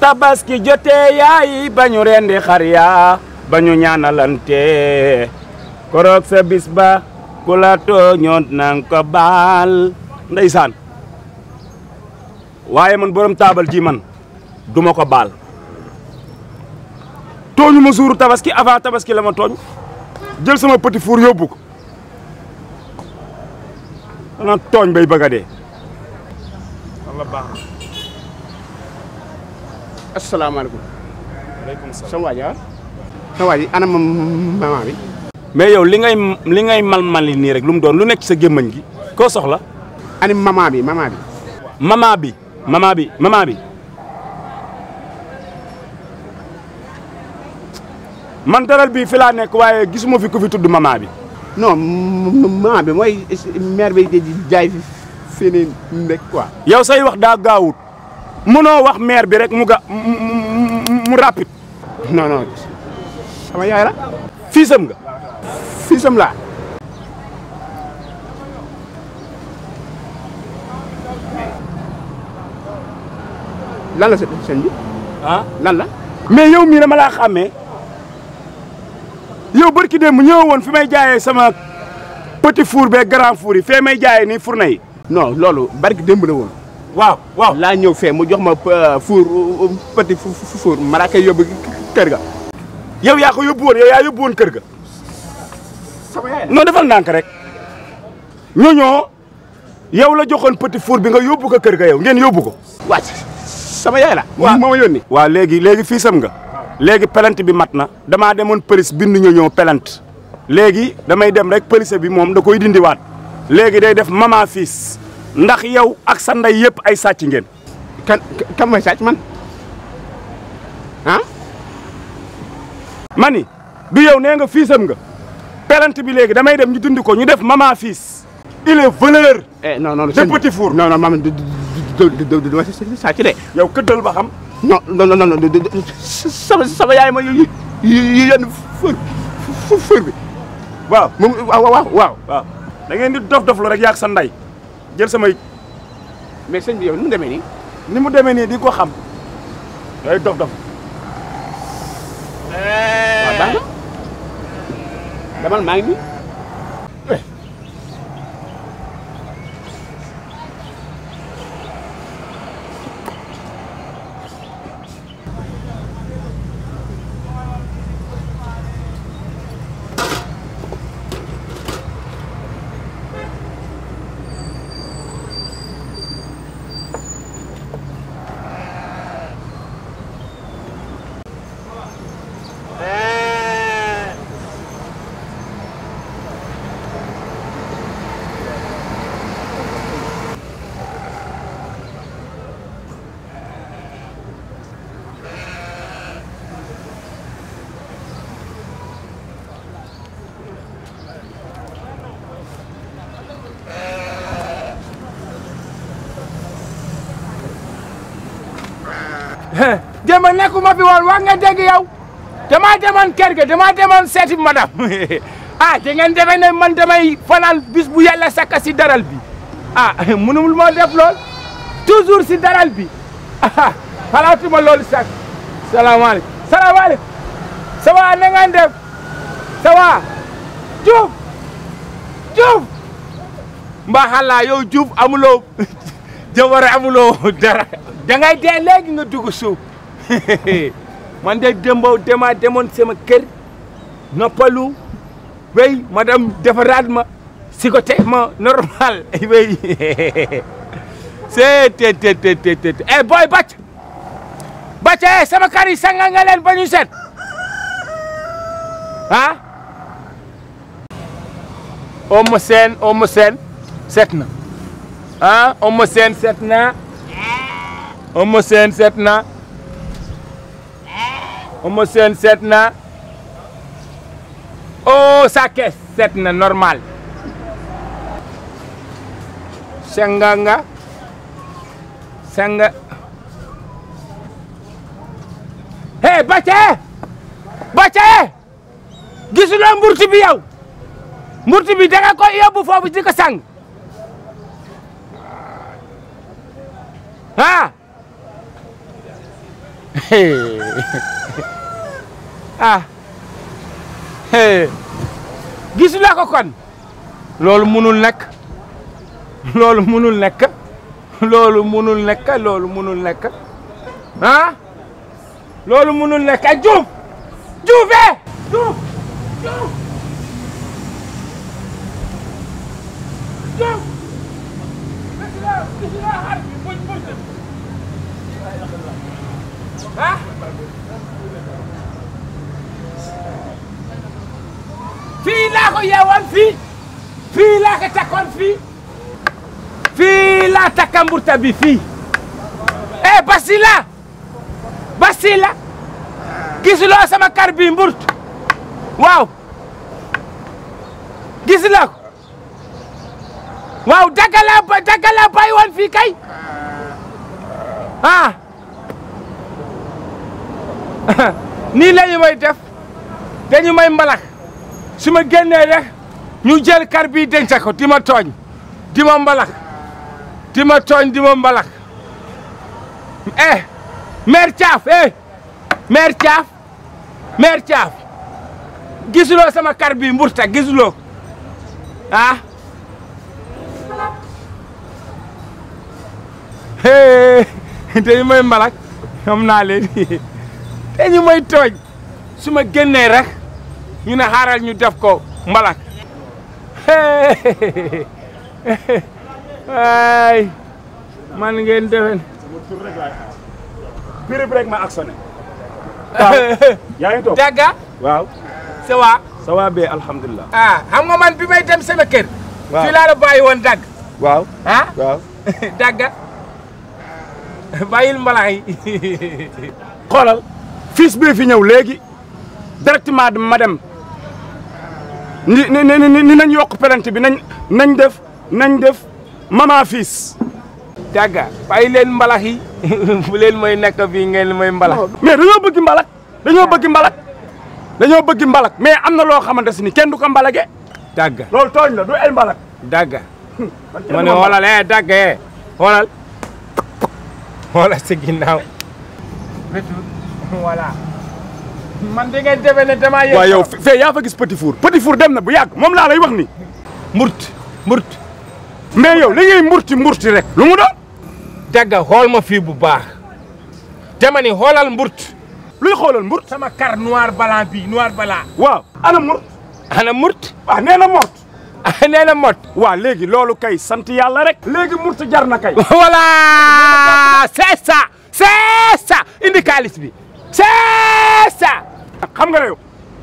tabaski jote yaay bañu rendi xar ya bañu ñaanalante korok sa bisba kula to ñont nang ko bal ndaysan waye man borom tabal ji man duma ko bal toñu ma tabaski avant tabaski lama toñ jël sama petit four yóbbu ko dana bay bagade Allah bah asalaamaaleykum. waaleykum salaam sama waay ah. sama waay ana maman bi. mais yow li ngay li nii rek lu mu doon lu nekk sa gémmañ gi koo soxla. ani maman bi maman bi. maman bi maman bi maman bi. man daral bi fi laa nekk waaye gisuma fi bi. non jaay fi fii nii nekk quoi. yow say wax daa gaawut. mënoo wax maire bi rek mu ga mu rapide non non sama yaay la fii nga fii la lan la seen bi ah lan la mais yow mii dama laa xàmmee yow barki dem mu ñëw woon fi may jaaye sama petit four bee grand four yi fee may jaayee nii fourne yi non loolu barki démb la woon waaw waaw laa ñëw fee mu jox ma euh, four euh, petit four ma laa koy ga. yow yaa ko yóbbu woon yow yaa yóbbu woon ga. sama yaay non defal ndànk rek. ñooñoo yow la joxoon petit four bi nga yóbbu ko keur ga yow ngeen yóbbu ko. wàcc sama yaay la. mo ma yoni wa léegi léegi fi sam nga. léegi pelante bi matna dama demone police bind ñooñoo pelante. léegi damay dem rek police bi mom da koy wat léegi day def mama fils ndax yow ak sa ndey yëpp ay sàcc ngeen. kan kan mooy sàcc man ah. ma du yow nee nga fiisam nga pelante bi léegi damay dem ñu dindi ko ñu def mama fiis il est voleur. eh non non de ma sàcc de. yow këddal ba xam. non non yaay ma yu yu yenn fër fër bi waaw moom waaw waaw waaw. da di dof dof lu rek yàgg sa ndey. jël sama mais sëñ bi yow ni mu demee nii ni mu demee nii di ko xam yooyu dof dof waaw baax na demal maa nii dema nekkuma fi woon wax nga dégg yow damaa demoon kër ga damaa demoon seeti madame ah da ngeen defe ne man damay fanaan bis bu yàlla sakka si daral bi ah mënumul moo lool toujours si daral bi ah xalaatuma loolu sax salaamaaleykum salaamaaleykum ça va na ngeen def ça va Diouf Diouf mbaa xalaa yow Diouf amuloo jawar amuloo dara da ngay dee léegi nga dugg suuf man de démbaw dema demoon sama kër noppalu wey madame defaraat ma sigote ma normal wey c'est te te te te te eh booy bàcc bàcc eh sama kar yi sanga nga leen ba ñu omo seen omo seen set na ah omo seen set na Omo Sen setna. setna, Sen setna. oh sake setna normal Senganga Senga Hey Bache Bache gisuloo mburti bi yow mburti bi da nga ko yobbu fofu di ko sang ah ah gisulaa ko kon loolu munul nekk loolu munul nekk loolu munul nekk loolu munul nekk ah loolu munul nekk ak juuf juufe juuf juuf juuf ah fii laa ko yeewoon fii fii laa ko takkoon fii fii laa takka mburta bi fii eh basila basila gisuloo sama kar bi mburt waaw gisuloo waaw dagala ba woon fii kay ah nii lañu may def dañu may mbalax su ma ñu jël kar bi denc ko di ma tooñ di ma mbalax di ma tooñ di ma mbalax eh maire Thiaf eh maire Thiaf maire Thiaf sama kar bi mburta gisuloo ah dañu may mbalax xam naa leen dañu may tooñ su ma génnee rek ñu ne xaaral ñu def ko mbalak ay man ngeen defen birib rek ma actionné yaa dagga waaw ça va ça va bien alhamdulilah ah, man bi may dem sama kër fii laa la dagg waaw ah dagga bàyyil mbalax yi fils bi fi ñew légui directement dama dem ni ni ni nañ yok pelante bi nañ nañ def nañ def mama fils daga bay len mbalax yi bu len moy nek fi ngeen moy mbalax mais dañu bëgg mbalax dañu bëgg mbalax dañu bëgg mbalax mais amna lo xamanteni kenn du ko mbalagé daga lol togn la du ay mbalax daga mané wala lé daga wala wala ci ginnaw voilà. man di ngeen defee ne damaa yow yaa fa gis Petit Four Petit Four dem na bu yàgg moom laa lay wax ni mburt mburt. mais yow li ngay mburti mburti rek. lu mu doon. dagga xool ma fi bu baax. dama ni xoolal mburt. luy xoolal mburt. sama car noir blanc bi noir blanc. waaw ana murt. ana murt. waaw ah, nee na mort. Ah, na mot. waaw léegi loolu kay sant yàlla rek. léegi murti jar na kay. voilà c'est ça c'est indi kaalis bi. c'est ça. xam nga yow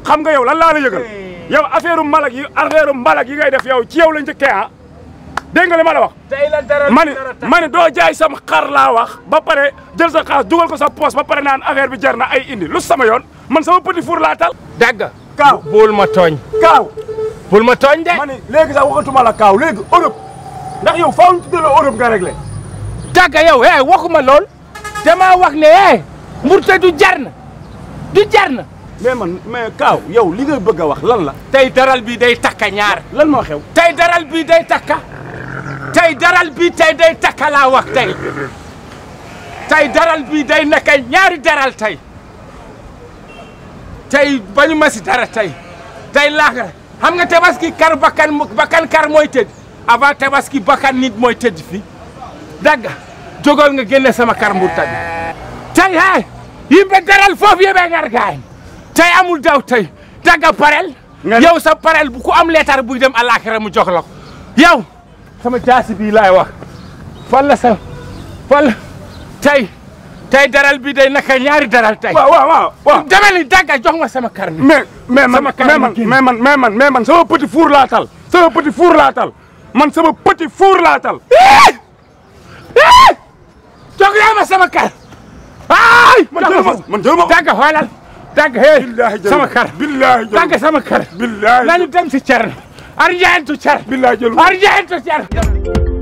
xam nga yow lan laa la yëgal yow affaire mbalak yi affaire mbalak yi ngay def yow ci yow la njëkkee ah dégg nga li ma wax. tey la doo jaay sama xar laa wax ba pare jël sa xaas dugal ko sa poos ba pare naan affaire bi jar na ay indi lu sama yoon man sama petit four laa tal. dagg kaaw ma tooñ. kaaw bul ma tooñ de. ma ne léegi sax waxatuma kaaw léegi Europe ndax yow faaw ñu tuddee la Europe nga réglé. dagg yow eh waxuma lool damaa wax ne murte du jar na du jar na man mais Kaaw yow li nga bëgg a wax lan la. tey daral bii day takka ñaar. lan moo xew tay daral bi day takka tey daral bi tey day takka laa wax tey tey daral bi day nekk ñaari daral tey tey bañu ma si dara tey tey laaga xam nga tabaski kar bakkan kar mooy tëdd avant tabaski bakkan nit mooy tëdd fii dagga jógal nga génne sama kar murta bi tey hey يبدل فوف يبدل جاي تاي امول داو تاي داغا بارل نعم. ياو سا بارل بوكو ام ليتار بوي ديم الاخره مو جوخ لاكو ياو سما جاسي بي لاي واخ فال سا فال تاي تاي درال بي داي نكا نياري درال تاي وا وا وا دمل داغا جوخ ما سما كارني مي مي سما كارني مي مان مي مان مي مان سما بوتي فور لا تال سما بوتي فور لا تال مان سما بوتي فور لا تال جوخ يا ما سما كارني ay man jëluma man jëluma tànk xoolal tànk hee sama kar billahi tànk sama kar billahi nañu dem si Thierno arjantu Thierno billahi jëluma arjantu Thierno